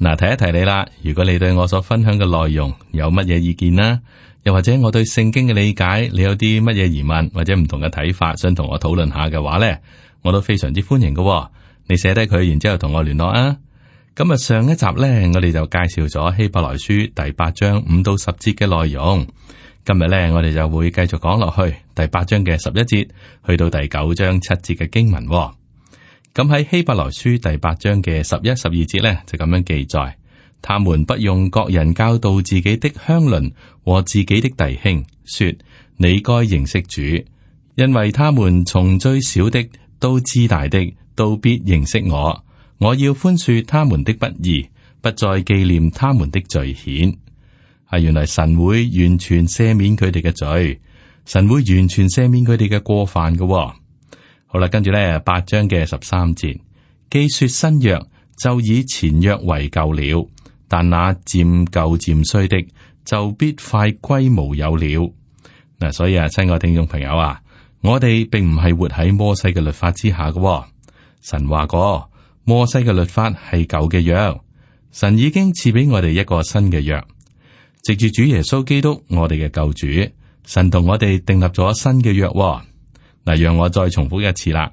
嗱，提一提你啦，如果你對我所分享嘅內容有乜嘢意見啦，又或者我對聖經嘅理解，你有啲乜嘢疑問或者唔同嘅睇法，想同我討論下嘅話呢，我都非常之歡迎嘅。你寫低佢，然之後同我聯絡啊。咁啊，上一集呢，我哋就介紹咗希伯來書第八章五到十節嘅內容。今日呢，我哋就會繼續講落去第八章嘅十一節，去到第九章七節嘅經文。咁喺希伯來書第八章嘅十一、十二節呢，就咁樣記載：他們不用各人教導自己的鄉鄰和自己的弟兄，說你該認識主，因為他們從最小的到至大的，都必認識我。我要寬恕他們的不義，不再記念他們的罪愆。係、啊、原來神會完全赦免佢哋嘅罪，神會完全赦免佢哋嘅過犯嘅、哦。好啦，跟住咧八章嘅十三節，既說新約就以前約為舊了，但那漸舊漸衰的就必快歸無有了。嗱、啊，所以啊，親愛聽眾朋友啊，我哋並唔係活喺摩西嘅律法之下嘅、哦。神話過，摩西嘅律法係舊嘅約，神已經賜俾我哋一個新嘅約，藉住主耶穌基督我哋嘅救主，神同我哋訂立咗新嘅約、哦。嗱，讓我再重複一次啦。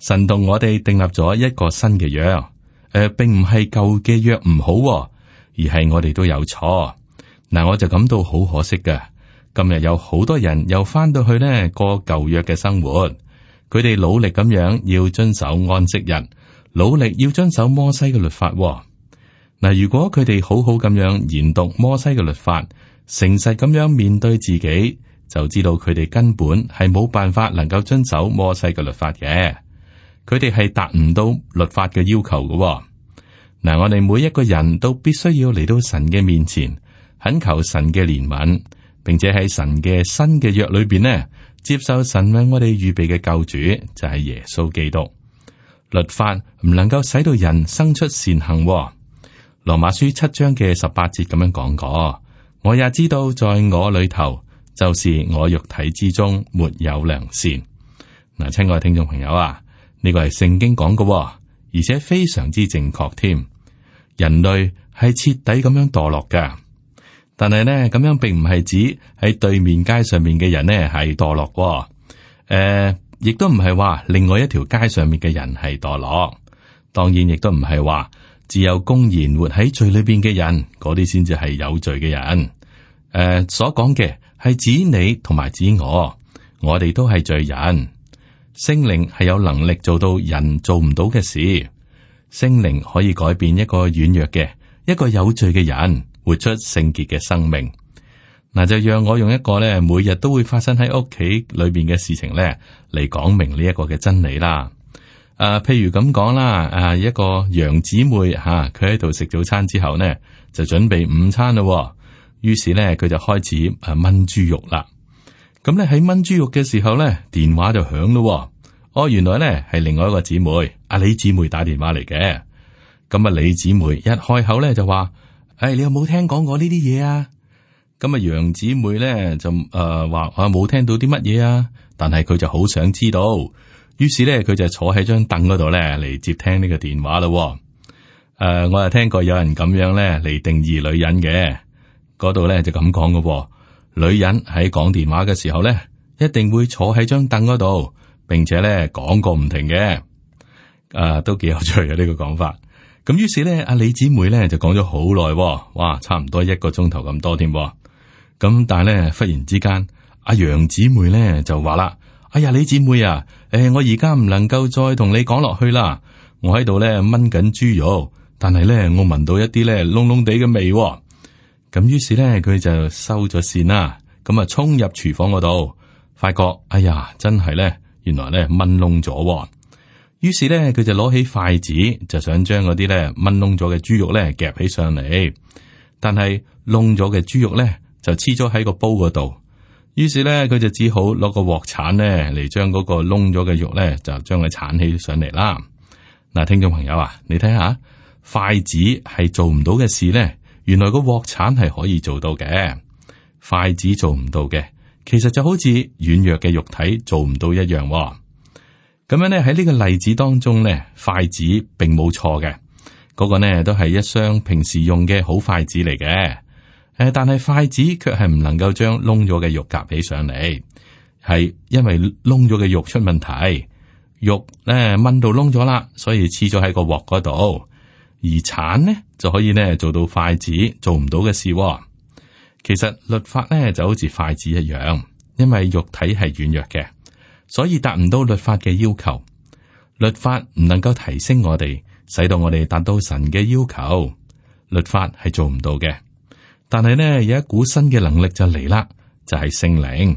神同我哋訂立咗一個新嘅約，誒、呃，並唔係舊嘅約唔好，而係我哋都有錯。嗱、呃，我就感到好可惜㗎。今日有好多人又返到去呢過舊約嘅生活，佢哋努力咁樣要遵守安息日，努力要遵守摩西嘅律法。嗱、呃，如果佢哋好好咁樣研讀摩西嘅律法，誠實咁樣面對自己，就知道佢哋根本係冇辦法能夠遵守摩西嘅律法嘅，佢哋係達唔到律法嘅要求嘅，哦。嗱、嗯，我哋每一個人都必須要嚟到神嘅面前，懇求神嘅憐憫，並且喺神嘅新嘅約裏邊呢，接受神為我哋預備嘅救主，就係、是、耶穌基督。律法唔能夠使到人生出善行，哦，《羅馬書》七章嘅十八節咁樣講過。我也知道，在我裏頭。就是我肉體之中沒有良善。嗱，親愛聽眾朋友啊，呢個係聖經講嘅，而且非常之正確添。人類係徹底咁樣墮落噶，但係呢，咁樣並唔係指喺對面街上面嘅人呢，係墮落，誒、呃，亦都唔係話另外一條街上面嘅人係墮落，當然亦都唔係話只有公然活喺罪裏邊嘅人嗰啲先至係有罪嘅人，誒、呃，所講嘅。係指你同埋指我，我哋都係罪人。聖靈係有能力做到人做唔到嘅事，聖靈可以改變一個軟弱嘅、一個有罪嘅人，活出聖潔嘅生命。嗱，就讓我用一個咧，每日都會發生喺屋企裏邊嘅事情咧，嚟講明呢一個嘅真理啦。誒、啊，譬如咁講啦，誒，一個楊姊妹吓，佢喺度食早餐之後呢，就準備午餐咯、啊。於是咧，佢就開始誒燜豬肉啦。咁咧喺燜豬肉嘅時候咧，電話就響咯。哦，原來咧係另外一個姊妹阿李姊妹打電話嚟嘅。咁啊，李姊妹一開口咧就話：誒、哎，你有冇聽講過呢啲嘢啊？咁啊，楊姊妹咧就誒話：我冇聽到啲乜嘢啊。但係佢就好想知道，於是咧佢就坐喺張凳嗰度咧嚟接聽呢個電話咯。誒、呃，我係聽過有人咁樣咧嚟定義女人嘅。嗰度咧就咁講㗎，女人喺講電話嘅時候咧，一定會坐喺張凳嗰度，並且咧講個唔停嘅。誒、啊，都幾有趣嘅呢，這個講法。咁於是咧，阿李姊妹咧就講咗好耐，哇，差唔多一個鐘頭咁多添。咁但係咧，忽然之間，阿楊姊妹咧就話啦，哎呀，李姊妹啊，誒，我而家唔能夠再同你講落去啦，我喺度咧炆緊豬肉，但係咧我聞到一啲咧燶燶哋嘅味。咁於是咧，佢就收咗線啦。咁啊，衝入廚房嗰度，發覺哎呀，真係咧，原來咧炆燶咗。於是咧，佢就攞起筷子，就想將嗰啲咧炆燶咗嘅豬肉咧夾起上嚟。但係燶咗嘅豬肉咧就黐咗喺個煲嗰度。於是咧，佢就只好攞個鑊鏟咧嚟將嗰個燶咗嘅肉咧就將佢鏟起上嚟啦。嗱，聽眾朋友啊，你睇下筷子係做唔到嘅事咧。原來個鍋鏟係可以做到嘅，筷子做唔到嘅，其實就好似軟弱嘅肉體做唔到一樣，哦。咁樣呢，喺呢個例子當中呢，筷子並冇錯嘅，嗰、那個呢都係一雙平時用嘅好筷子嚟嘅。誒，但係筷子卻係唔能夠將窿咗嘅肉夾起上嚟，係因為窿咗嘅肉出問題，肉呢燜、呃、到窿咗啦，所以黐咗喺個鍋嗰度。而鏟呢就可以呢做到筷子做唔到嘅事喎。其實律法呢就好似筷子一樣，因為肉體係軟弱嘅，所以達唔到律法嘅要求。律法唔能夠提升我哋，使到我哋達到神嘅要求。律法係做唔到嘅，但係呢有一股新嘅能力就嚟啦，就係聖靈。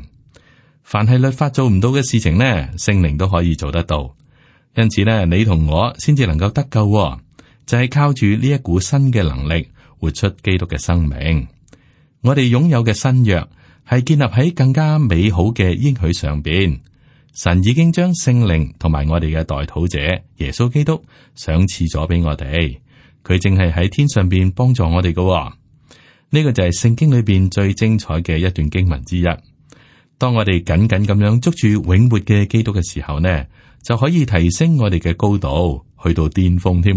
凡係律法做唔到嘅事情呢，聖靈都可以做得到。因此呢，你同我先至能夠得救喎。就係靠住呢一股新嘅能力活出基督嘅生命。我哋擁有嘅新約係建立喺更加美好嘅應許上邊。神已經將聖靈同埋我哋嘅代禱者耶穌基督賞賜咗俾我哋。佢正係喺天上邊幫助我哋嘅、哦。呢、這個就係聖經裏邊最精彩嘅一段經文之一。當我哋緊緊咁樣捉住永活嘅基督嘅時候，呢就可以提升我哋嘅高度，去到巔峰添。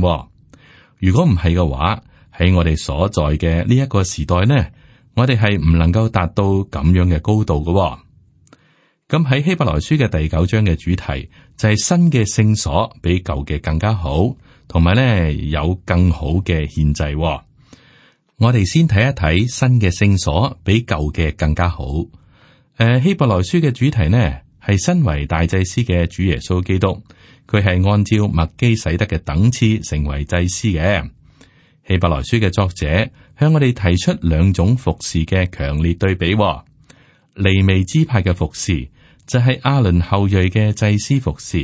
如果唔係嘅話，喺我哋所在嘅呢一個時代咧，我哋係唔能夠達到咁樣嘅高度嘅、哦。咁喺希伯來書嘅第九章嘅主題就係、是、新嘅聖所比舊嘅更加好，同埋咧有更好嘅獻祭。我哋先睇一睇新嘅聖所比舊嘅更加好。誒，希伯來書嘅主題咧係身為大祭司嘅主耶穌基督。佢係按照麥基洗德嘅等次成為祭司嘅。希伯來書嘅作者向我哋提出兩種服侍嘅強烈對比，哦。利未支派嘅服侍，就係亞倫後裔嘅祭司服侍，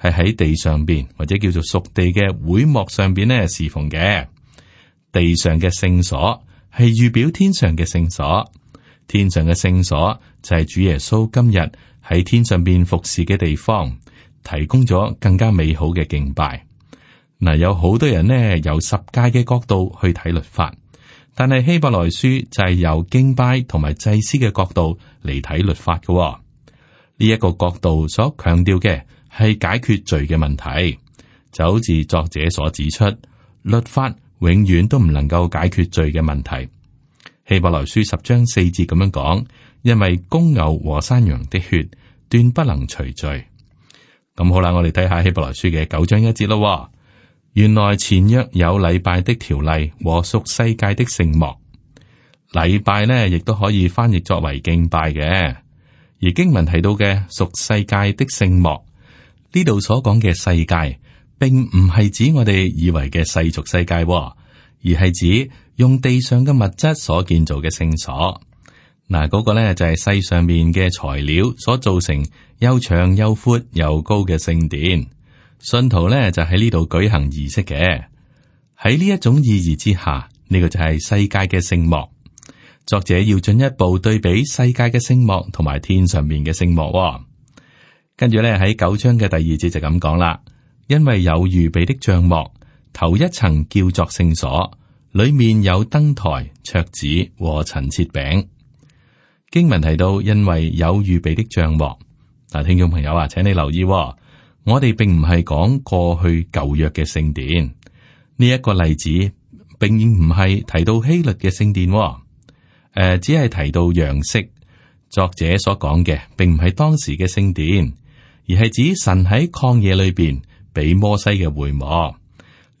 係喺地上邊或者叫做屬地嘅會幕上邊呢侍奉嘅。地上嘅聖所係預表天上嘅聖所，天上嘅聖所就係主耶穌今日喺天上邊服侍嘅地方。提供咗更加美好嘅敬拜嗱、嗯，有好多人咧由十戒嘅角度去睇律法，但係希伯來書就係由敬拜同埋祭司嘅角度嚟睇律法嘅。呢一個角度所強調嘅係解決罪嘅問題，就好似作者所指出，律法永遠都唔能夠解決罪嘅問題。希伯來書十章四節咁樣講，因為公牛和山羊的血斷不能除罪。咁好啦，我哋睇下希伯來書嘅九章一節咯。原來前約有禮拜的條例和屬世界的聖幕，禮拜呢亦都可以翻譯作為敬拜嘅。而經文提到嘅屬世界的聖幕，呢度所講嘅世界，並唔係指我哋以為嘅世俗世界喎，而係指用地上嘅物質所建造嘅聖所。嗱，嗰個咧就係世上面嘅材料所造成，又長又闊又高嘅聖殿，信徒咧就喺呢度舉行儀式嘅。喺呢一種意義之下，呢個就係世界嘅聖幕。作者要進一步對比世界嘅聖幕同埋天上面嘅聖幕。跟住咧喺九章嘅第二節就咁講啦，因為有預備的帳幕，頭一層叫做聖所，裏面有燈台、桌子和陳設餅。經文提到，因為有預備的帳幕。嗱，聽眾朋友啊，請你留意、哦，我哋並唔係講過去舊約嘅聖殿。呢、這、一個例子，並唔係提到希律嘅聖殿，誒、呃，只係提到楊式作者所講嘅，並唔係當時嘅聖殿，而係指神喺曠野裏邊俾摩西嘅會幕，呢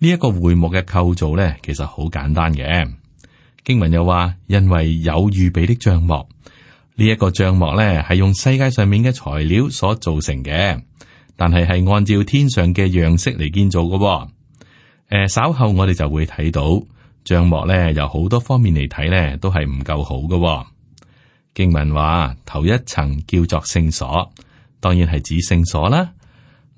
一個會幕嘅構造咧，其實好簡單嘅。經文又話，因為有預備的帳幕。呢一個帳幕咧，係用世界上面嘅材料所造成嘅，但係係按照天上嘅樣式嚟建造嘅，哦。誒、呃，稍後我哋就會睇到帳幕咧，由好多方面嚟睇咧，都係唔夠好嘅，哦。經文話頭一層叫做聖所，當然係指聖所啦。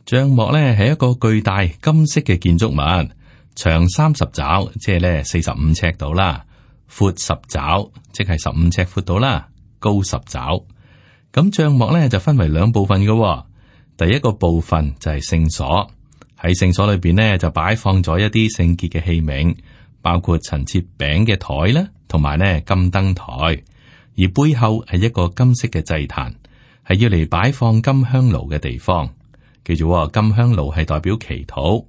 帳幕咧係一個巨大金色嘅建築物，長三十肘，即係咧四十五尺度啦，闊十肘，即係十五尺闊度啦。高十爪，咁帳幕咧就分為兩部分嘅，第一個部分就係聖所，喺聖所裏邊呢就擺放咗一啲聖潔嘅器皿，包括陳設餅嘅台啦，同埋呢金燈台，而背後係一個金色嘅祭壇，係要嚟擺放金香爐嘅地方。記住，金香爐係代表祈禱，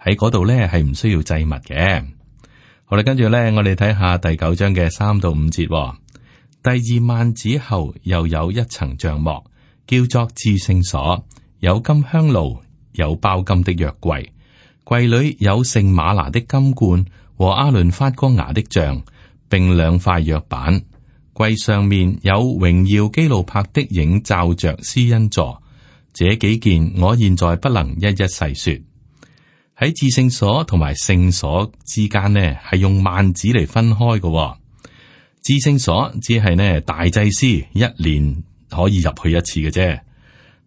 喺嗰度呢係唔需要祭物嘅。好啦，跟住咧我哋睇下第九章嘅三到五節。第二幔子後又有一層帳幕，叫做至聖所，有金香爐，有包金的約櫃，櫃裏有盛嗎哪的金罐和阿倫發過芽的杖，並兩塊約版，櫃上面有榮耀基路伯的影罩着施恩座。這幾件我現在不能一一細說。喺至聖所同埋聖所之間呢，係用幔子嚟分開嘅、哦。至聖所只係呢大祭司一年可以入去一次嘅啫。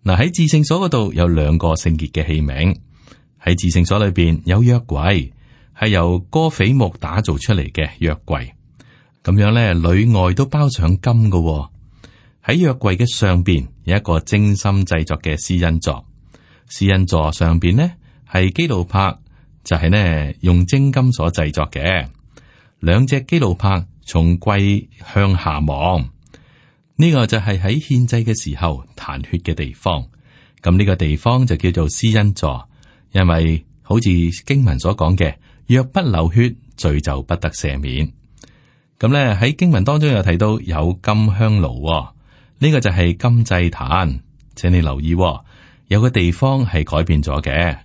嗱，喺至聖所嗰度有兩個聖潔嘅器皿。喺至聖所裏邊有約櫃係由哥斐木打造出嚟嘅約櫃，咁樣呢，裏外都包上金嘅喎、哦。喺約櫃嘅上邊有一個精心製作嘅施恩座，施恩座上邊呢係基路柏就係、是、呢用精金所製作嘅兩隻基路柏。從櫃向下望，呢、這個就係喺獻祭嘅時候彈血嘅地方。咁、這、呢個地方就叫做施恩座，因為好似經文所講嘅，若不流血，罪就不得赦免。咁呢，喺經文當中又提到有金香爐、哦，呢、這個就係金祭壇，請你留意、哦，有個地方係改變咗嘅。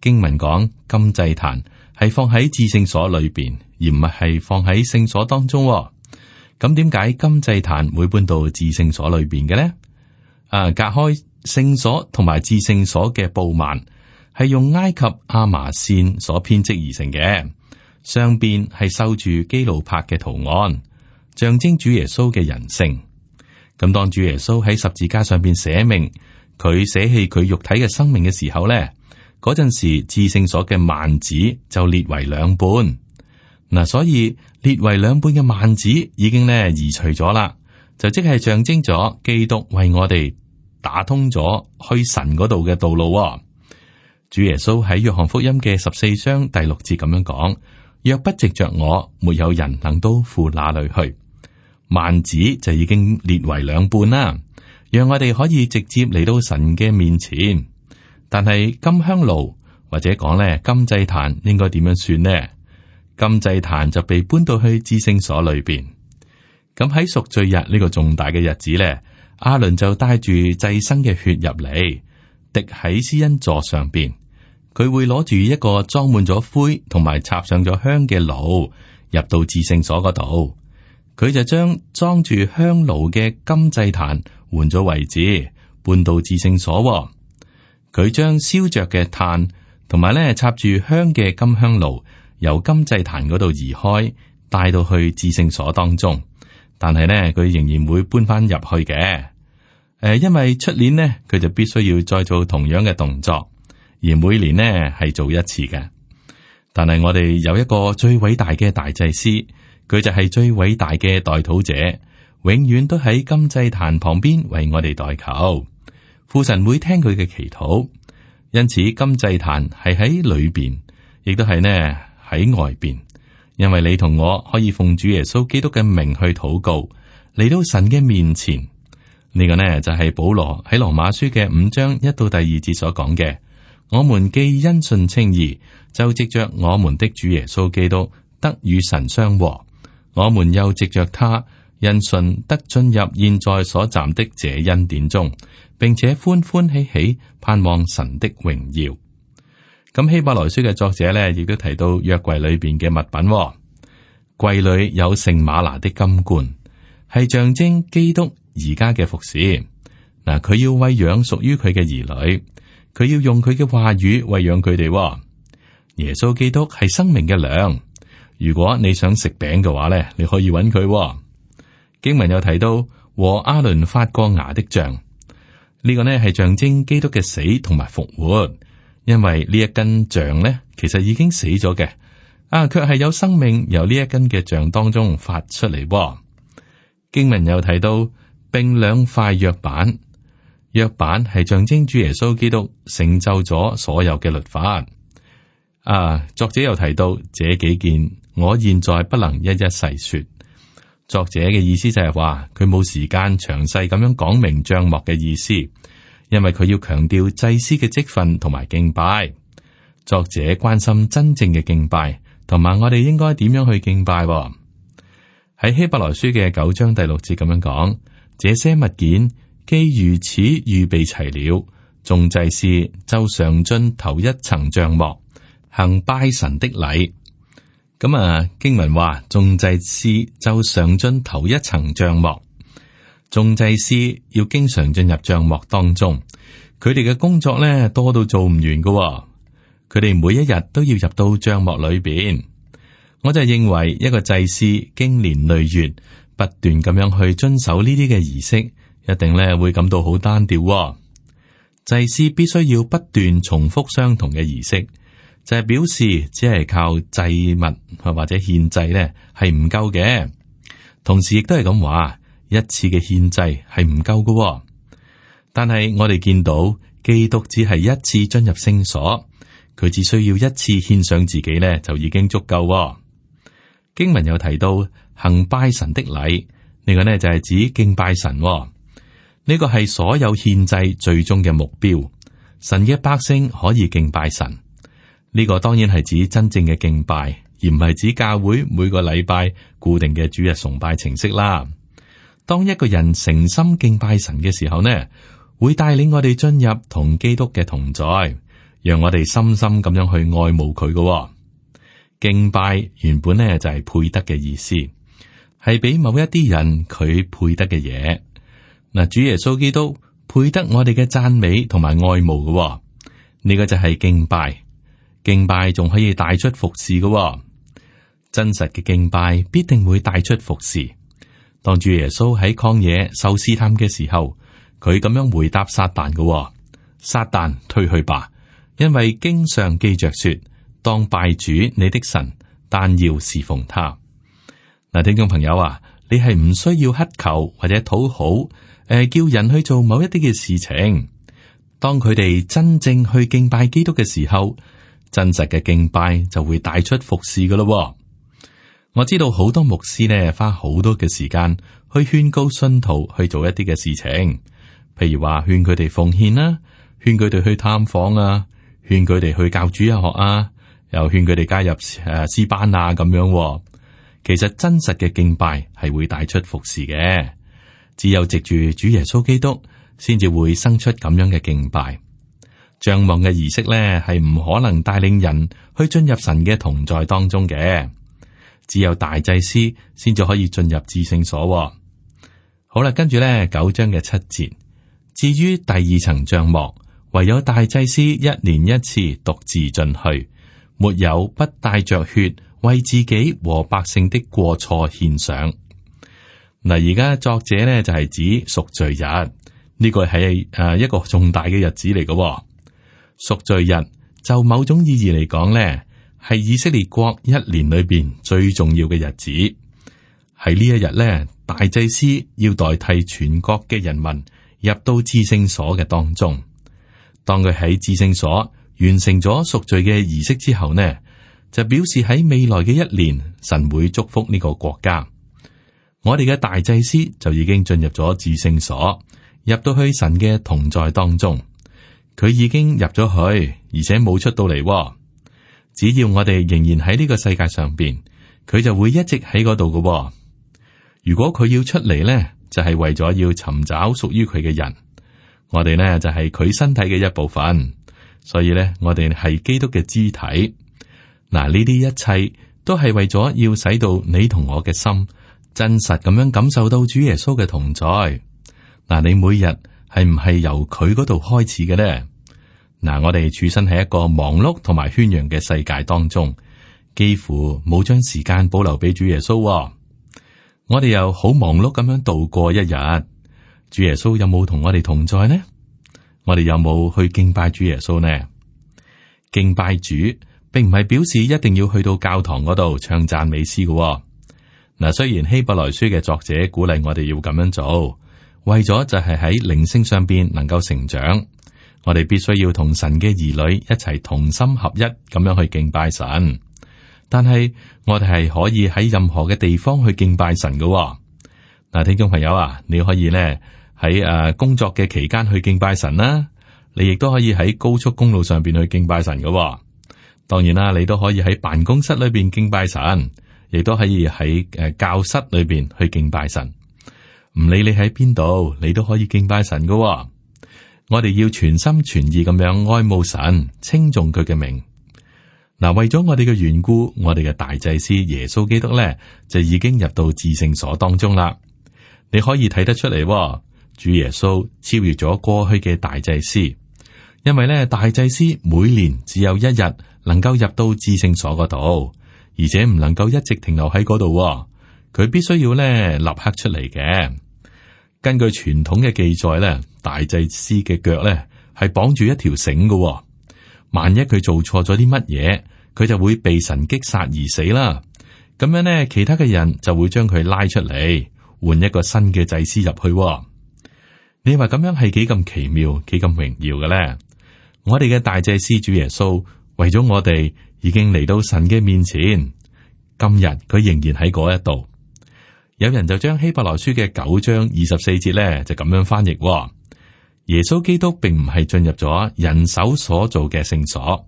經文講金祭壇。係放喺至聖所裏邊，而唔係放喺聖所當中。咁點解金祭壇會搬到至聖所裏邊嘅呢？啊，隔開聖所同埋至聖所嘅布幔，係用埃及亞麻線所編織而成嘅。上邊係繡住基路柏嘅圖案，象徵主耶穌嘅人性。咁當主耶穌喺十字架上邊捨命，佢捨棄佢肉體嘅生命嘅時候咧。嗰陣時，至聖所嘅幔子就裂為兩半，嗱，所以裂為兩半嘅幔子已經咧移除咗啦，就即係象徵咗基督為我哋打通咗去神嗰度嘅道路。主耶穌喺約翰福音嘅十四章第六節咁樣講：「若不藉着我，沒有人能到父那裏去。幔子就已經裂為兩半啦，讓我哋可以直接嚟到神嘅面前。但係金香爐或者講咧金祭壇應該點樣算呢？金祭壇就被搬到去至聖所裏邊。咁喺贖罪日呢個重大嘅日子咧，阿倫就帶住祭牲嘅血入嚟，滴喺施恩座上邊。佢會攞住一個裝滿咗灰同埋插上咗香嘅爐，入到至聖所嗰度。佢就將裝住香爐嘅金祭壇換咗位置，搬到至聖所，哦。佢將燒着嘅炭同埋咧插住香嘅金香爐由金祭壇嗰度移開，帶到去致聖所當中。但係咧佢仍然會搬翻入去嘅。誒，因為出年呢，佢就必須要再做同樣嘅動作，而每年呢，係做一次嘅。但係我哋有一個最偉大嘅大祭司，佢就係最偉大嘅代禱者，永遠都喺金祭壇旁邊為我哋代求。父神會聽佢嘅祈禱，因此金祭壇係喺裏邊，亦都係呢喺外邊。因為你同我可以奉主耶穌基督嘅名去禱告，嚟到神嘅面前。呢、這個呢就係、是、保羅喺羅馬書嘅五章一到第二節所講嘅。我們既因信稱義，就藉着我們的主耶穌基督得與神相和；我們又藉着他因信得進入現在所站的這恩典中。並且歡歡喜喜盼望神的榮耀。咁希伯來書嘅作者呢，亦都提到約櫃裏邊嘅物品，櫃裏有聖馬拿的金冠，係象徵基督而家嘅服侍。嗱，佢要餵養屬於佢嘅兒女，佢要用佢嘅話語餵養佢哋。耶穌基督係生命嘅糧，如果你想食餅嘅話呢，你可以搵佢。經文又提到和阿倫發過牙的像。呢個呢係象徵基督嘅死同埋復活，因為呢一根杖呢其實已經死咗嘅。啊，卻係有生命由呢一根嘅杖當中發出嚟喎。經文又提到並兩塊約板，約板係象徵主耶穌基督成就咗所有嘅律法。啊，作者又提到這幾件，我現在不能一一細說。作者嘅意思就係話佢冇時間詳細咁樣講明帳幕嘅意思，因為佢要強調祭司嘅職份同埋敬拜。作者關心真正嘅敬拜，同埋我哋應該點樣去敬拜。喺希伯來書嘅九章第六節咁樣講，這些物件既如此預備齊了，眾祭司就上進頭一層帳幕，行拜神的禮。咁啊！經文話，眾祭司就常進頭一層帳幕。眾祭司要經常進入帳幕當中，佢哋嘅工作咧多到做唔完噶，哦。佢哋每一日都要入到帳幕裏邊。我就認為一個祭司經年累月不斷咁樣去遵守呢啲嘅儀式，一定咧會感到好單調，哦。祭司必須要不斷重複相同嘅儀式。就係表示，只係靠祭物或者獻祭呢係唔夠嘅。同時亦都係咁話，一次嘅獻祭係唔夠嘅。但係我哋見到，基督只係一次進入聖所，佢只需要一次獻上自己呢，就已經足夠。經文又提到行拜神的禮，呢個呢就係指敬拜神。呢個係所有獻祭最終嘅目標。神嘅百姓可以敬拜神。呢個當然係指真正嘅敬拜，而唔係指教會每個禮拜固定嘅主日崇拜程式啦。當一個人誠心敬拜神嘅時候，呢會帶領我哋進入同基督嘅同在，讓我哋深深咁樣去愛慕佢。噶敬拜原本呢就係配得嘅意思，係俾某一啲人佢配得嘅嘢。嗱，主耶穌基督配得我哋嘅讚美同埋愛慕嘅。呢個就係敬拜。敬拜仲可以帶出服侍嘅，哦，真實嘅敬拜必定會帶出服侍。當主耶穌喺曠野受試探嘅時候，佢咁樣回答撒旦嘅，哦，撒旦退去吧，因為經上記着說，當拜主你的神，但要侍奉他。嗱，聽眾朋友啊，你係唔需要乞求或者討好，誒，呃，叫人去做某一啲嘅事情。當佢哋真正去敬拜基督嘅時候。真實嘅敬拜就會帶出服侍噶咯。我知道好多牧師呢，花好多嘅時間去勸告信徒去做一啲嘅事情，譬如話勸佢哋奉獻啦、啊，勸佢哋去探訪啊，勸佢哋去教主日學啊，又勸佢哋加入誒詩、啊、班啊咁樣。其實真實嘅敬拜係會帶出服侍嘅，只有藉住主耶穌基督，先至會生出咁樣嘅敬拜。帳幕嘅儀式呢，係唔可能帶領人去進入神嘅同在當中嘅。只有大祭司先至可以進入至聖所，哦。好啦，跟住呢九章嘅七節，至於第二層帳幕，唯有大祭司一年一次獨自進去，沒有不帶着血為自己和百姓的過錯獻上。嗱、嗯，而家作者呢，就係、是、指贖罪日呢、這個係誒、呃、一個重大嘅日子嚟嘅，哦。贖罪日就某種意義嚟講咧，係以色列國一年裏邊最重要嘅日子。喺呢一日咧，大祭司要代替全國嘅人民入到至聖所嘅當中。當佢喺至聖所完成咗贖罪嘅儀式之後呢，就表示喺未來嘅一年，神會祝福呢個國家。我哋嘅大祭司就已經進入咗至聖所，入到去神嘅同在當中。佢已經入咗去，而且冇出到嚟。只要我哋仍然喺呢個世界上邊，佢就會一直喺嗰度㗎。如果佢要出嚟呢，就係為咗要尋找屬於佢嘅人。我哋呢，就係佢身體嘅一部分，所以呢，我哋係基督嘅肢體。嗱，呢啲一切都係為咗要使到你同我嘅心真實咁樣感受到主耶穌嘅同在。嗱，你每日，係唔係由佢嗰度開始嘅呢？嗱、啊，我哋處身喺一個忙碌同埋宣揚嘅世界當中，幾乎冇將時間保留俾主耶穌喎。我哋又好忙碌咁樣度過一日，主耶穌有冇同我哋同在呢？我哋有冇去敬拜主耶穌呢？敬拜主並唔係表示一定要去到教堂嗰度唱讚美詩嘅㗎喎。嗱、啊，雖然希伯來書嘅作者鼓勵我哋要咁樣做。為咗就係喺靈性上邊能夠成長，我哋必須要同神嘅兒女一齊同心合一咁樣去敬拜神。但係我哋係可以喺任何嘅地方去敬拜神嘅、哦。嗱、啊，聽眾朋友啊，你可以呢喺誒、呃、工作嘅期間去敬拜神啦，你亦都可以喺高速公路上邊去敬拜神嘅、哦。當然啦、啊，你都可以喺辦公室裏邊敬拜神，亦都可以喺誒、呃、教室裏邊去敬拜神。唔理你喺邊度，你都可以敬拜神噶、喎。我哋要全心全意咁樣愛慕神，稱重佢嘅名。嗱，為咗我哋嘅緣故，我哋嘅大祭司耶穌基督咧就已經入到至聖所當中啦。你可以睇得出嚟、喎，主耶穌超越咗過去嘅大祭司，因為咧大祭司每年只有一日能夠入到至聖所嗰度，而且唔能夠一直停留喺嗰度，佢必須要咧立刻出嚟嘅。根據傳統嘅記載咧，大祭司嘅腳咧係綁住一條繩嘅，萬一佢做錯咗啲乜嘢，佢就會被神擊殺而死啦。咁樣咧，其他嘅人就會將佢拉出嚟，換一個新嘅祭司入去。你話咁樣係幾咁奇妙，幾咁榮耀嘅咧？我哋嘅大祭司主耶穌為咗我哋，已經嚟到神嘅面前，今日佢仍然喺嗰一度。有人就將希伯來書嘅九章二十四節咧，就咁樣翻譯、哦。耶穌基督並唔係進入咗人手所做嘅聖所，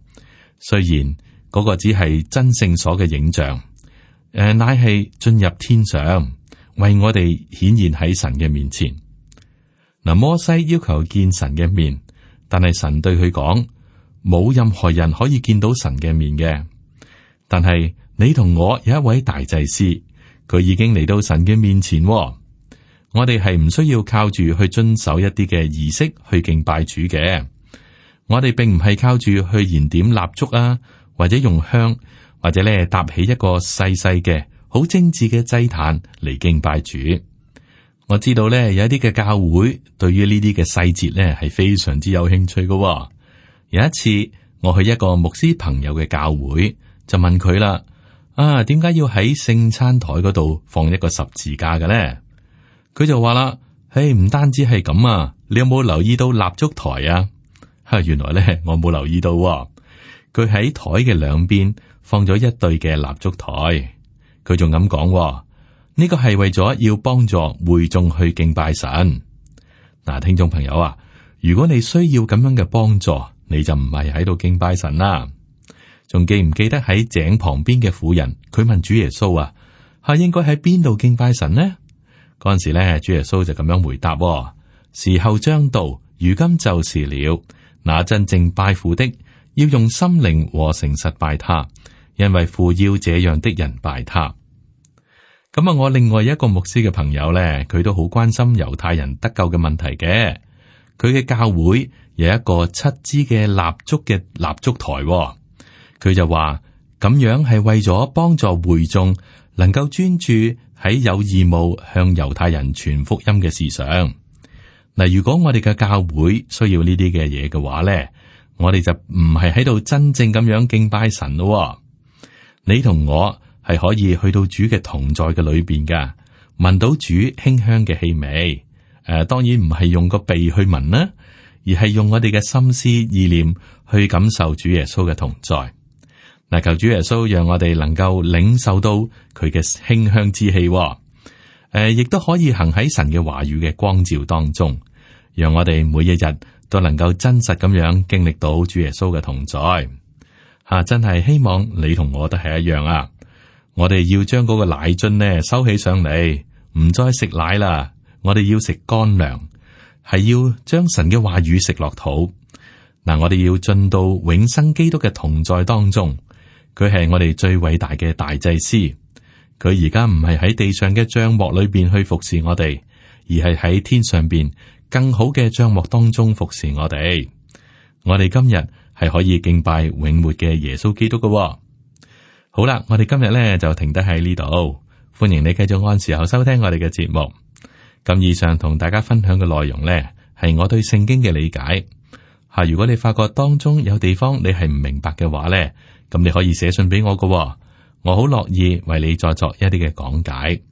雖然嗰個只係真聖所嘅影像，誒、呃，乃係進入天上，為我哋顯現喺神嘅面前。嗱，摩西要求見神嘅面，但係神對佢講，冇任何人可以見到神嘅面嘅。但係你同我有一位大祭司。佢已經嚟到神嘅面前哦，我哋係唔需要靠住去遵守一啲嘅儀式去敬拜主嘅。我哋並唔係靠住去燃點蠟燭啊，或者用香，或者咧搭起一個細細嘅好精緻嘅祭壇嚟敬拜主。我知道咧有一啲嘅教會對於呢啲嘅細節咧係非常之有興趣嘅哦。有一次我去一個牧師朋友嘅教會，就問佢啦。啊，點解要喺聖餐台嗰度放一個十字架嘅咧？佢就話啦，誒，唔單止係咁啊，你有冇留意到蠟燭台啊？吓、啊，原來咧我冇留意到、哦，佢喺台嘅兩邊放咗一對嘅蠟燭台。佢仲咁講，呢個係為咗要幫助會眾去敬拜神。嗱、啊，聽眾朋友啊，如果你需要咁樣嘅幫助，你就唔係喺度敬拜神啦。仲記唔記得喺井旁邊嘅婦人？佢問主耶穌啊，係應該喺邊度敬拜神呢？嗰陣時咧，主耶穌就咁樣回答，哦：時候將到，如今就是了。那真正拜父的，要用心靈和誠實拜他，因為父要這樣的人拜他。咁、嗯、啊，我另外一個牧師嘅朋友咧，佢都好關心猶太人得救嘅問題嘅。佢嘅教會有一個七支嘅蠟燭嘅蠟燭台，哦。佢就話咁樣係為咗幫助會眾能夠專注喺有義務向猶太人傳福音嘅事上。嗱,如果我哋嘅教會需要呢啲嘅嘢嘅話咧,我哋就唔係喺度真正咁樣敬拜神咯。你同我係可以去到主嘅同在嘅裏邊噶,聞到主馨香嘅氣味。誒,呃,當然唔係用個鼻去聞啦,而係用我哋嘅心思意念去感受主耶穌嘅同在。嗱，求主耶穌讓我哋能夠領受到佢嘅馨香之氣、哦，誒，亦都可以行喺神嘅話語嘅光照當中，讓我哋每一日都能夠真實咁樣經歷到主耶穌嘅同在。吓、啊，真係希望你同我都係一樣啊！我哋要將嗰個奶樽咧收起上嚟，唔再食奶啦，我哋要食乾糧，係要將神嘅話語食落肚。嗱、啊，我哋要進到永生基督嘅同在當中。佢係我哋最偉大嘅大祭司，佢而家唔係喺地上嘅帳幕裏邊去服侍我哋，而係喺天上邊更好嘅帳幕當中服侍我哋。我哋今日係可以敬拜永活嘅耶穌基督嘅、哦。好啦，我哋今日咧就停低喺呢度，歡迎你繼續按時候收聽我哋嘅節目。咁以上同大家分享嘅內容呢，係我對聖經嘅理解吓。如果你發覺當中有地方你係唔明白嘅話呢。咁你可以寫信俾我嘅、哦，我好樂意為你再作作一啲嘅講解。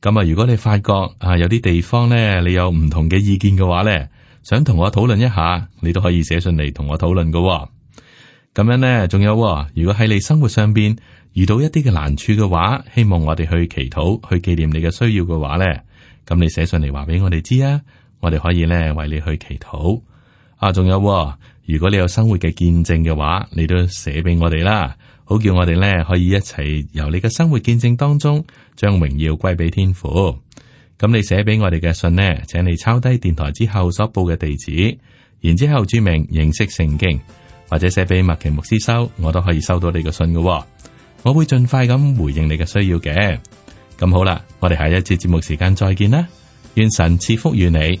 咁、嗯、啊，如果你發覺啊有啲地方呢，你有唔同嘅意見嘅話呢，想同我討論一下，你都可以寫信嚟同我討論嘅。咁樣呢，仲有、哦，如果喺你生活上邊遇到一啲嘅難處嘅話，希望我哋去祈禱去紀念你嘅需要嘅話呢，咁你寫信嚟話俾我哋知啊，我哋可以呢為你去祈禱。啊，仲有、哦。如果你有生活嘅見證嘅話，你都寫俾我哋啦，好叫我哋呢可以一齊由你嘅生活見證當中將榮耀歸俾天父。咁你寫俾我哋嘅信呢，請你抄低電台之後所報嘅地址，然之後注明認識聖經或者寫俾麥琪牧師收，我都可以收到你嘅信嘅，哦。我會盡快咁回應你嘅需要嘅。咁好啦，我哋下一次節目時間再見啦，願神賜福於你。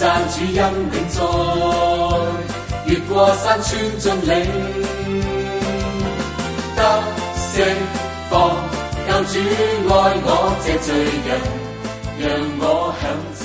讚主恩永在，越過山川峻嶺，得釋放。救主愛我這罪人，讓我享。